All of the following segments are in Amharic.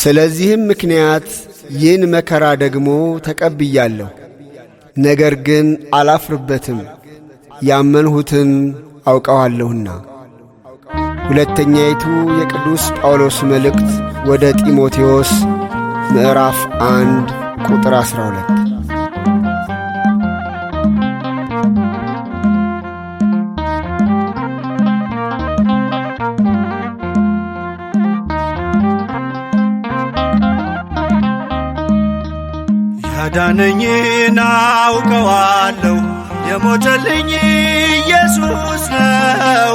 ስለዚህም ምክንያት ይህን መከራ ደግሞ ተቀብያለሁ። ነገር ግን አላፍርበትም፣ ያመንሁትን አውቀዋለሁና። ሁለተኛይቱ የቅዱስ ጳውሎስ መልእክት ወደ ጢሞቴዎስ ምዕራፍ 1 ቁጥር 12 ያዳነኝን አውቀዋለሁ የሞተልኝ ኢየሱስ ነው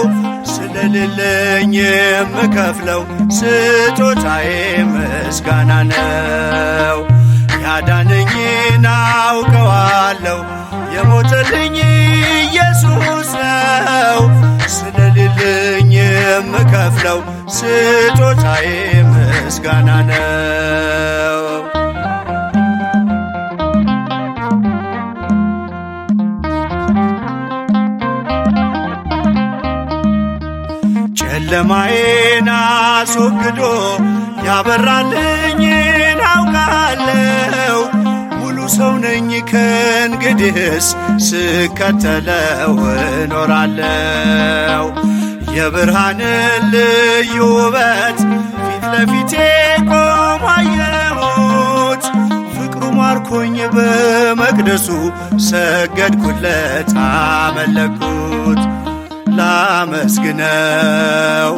ስለሌለኝ የምከፍለው ስጦታዬ ምስጋና ነው ያዳነኝ አውቀዋለሁ የሞተልኝ ኢየሱስ ነው ስለሌለኝ የምከፍለው ስጦታዬ ምስጋና ነው ጨለማዬን አስወግዶ ያበራልኝን አውቃለው። ሙሉ ሰው ነኝ ከእንግዲህስ ስከተለው እኖራለው። የብርሃን ልዩ ውበት ፊት ለፊቴ ቆሞ አየሁት። ፍቅሩ ማርኮኝ በመቅደሱ ሰገድኩለት፣ አመለኩት። ላመስግነው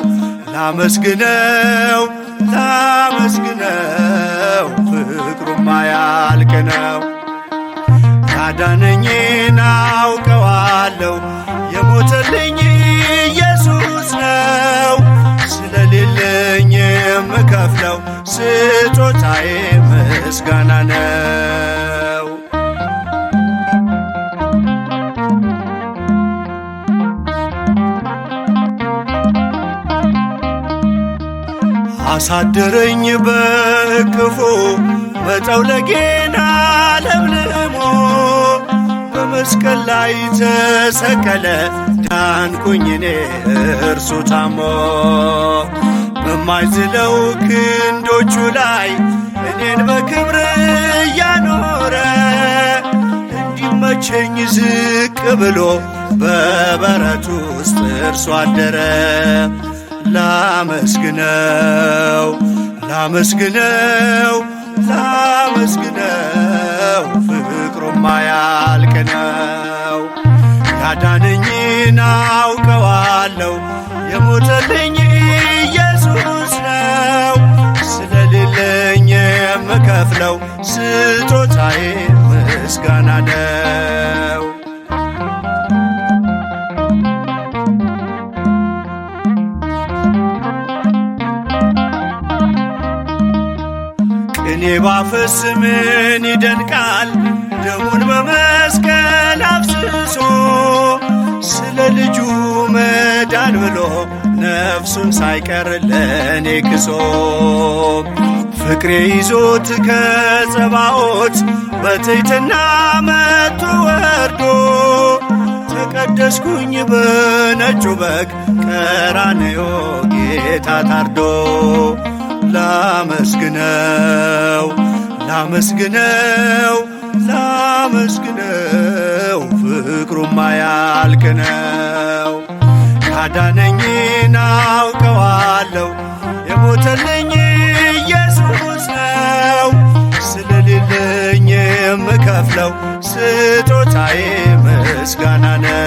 ላመስግነው ላመስግነው ፍቅሩማ ያልቅ ነው። ያዳነኝን አውቀዋለሁ የሞተልኝ ኢየሱስ ነው። ስለሌለኝ የምከፍለው ስጦታዬ ምስጋና ነው። አሳደረኝ በክፉ በጠውለጌና ለምልሞ በመስቀል ላይ ተሰቀለ ዳንኩኝ እኔ እርሱ ታሞ በማይዝለው ክንዶቹ ላይ እኔን በክብር እያኖረ እንዲመቸኝ ዝቅ ብሎ በበረቱ ውስጥ እርሱ አደረ። ላመስግነው ላመስግነው ላመስግነው ፍቅሩ ማያልቅ ነው። ያዳነኝን አውቀዋለሁ የሞተልኝ ኢየሱስ ነው። ስለሌለኝ የምከፍለው ስጦታዬ ምስጋና ነው። እኔ ባፈስ ምን ይደንቃል ደሙን በመስቀል አፍስሶ ስለ ልጁ መዳን ብሎ ነፍሱን ሳይቀር ለእኔ ክሶ ፍቅሬ ይዞት ከጸባዖት በትሕትና መቶ ወርዶ ተቀደስኩኝ በነጩ በግ ቀራንዮ ጌታ ታርዶ ላመስግነው ላመስግነው ላመስግነው ፍቅሩ ማያልቅ ነው። ካዳነኝን አውቀዋለሁ የሞተልኝ ኢየሱስ ነው። ስለሌለኝ የምከፍለው ስጦታዬ ምስጋና ነው።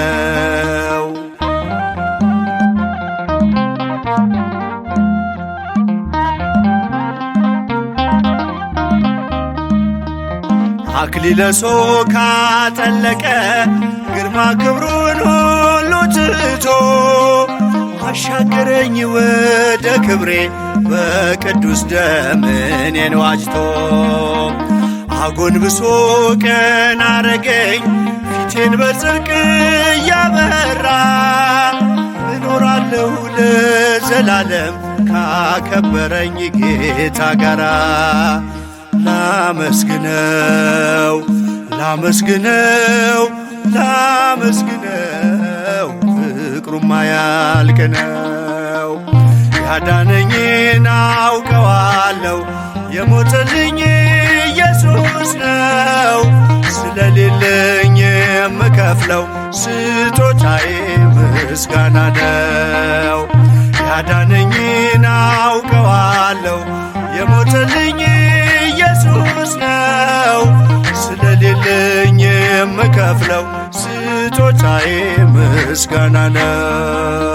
አክሊለ ሦክ አጠለቀ ግርማ ክብሩን ሁሉ ትቶ አሻገረኝ ወደ ክብሬ በቅዱስ ደምኔን ዋጅቶ አጎንብሶ ቀና አረገኝ ፊቴን በጽድቅ እያበራ እኖራለሁ ለዘላለም ካከበረኝ ጌታ ጋራ ላመስግነው ላመስግነው ላመስግነው ፍቅሩማ ማያልቅ ነው። ያዳነኝን አውቀዋለሁ የሞተልኝ ኢየሱስ ነው። ስለሌለኝ የምከፍለው ስጦታዬ ምስጋና ነው። ያዳነኝ gonna Ganana.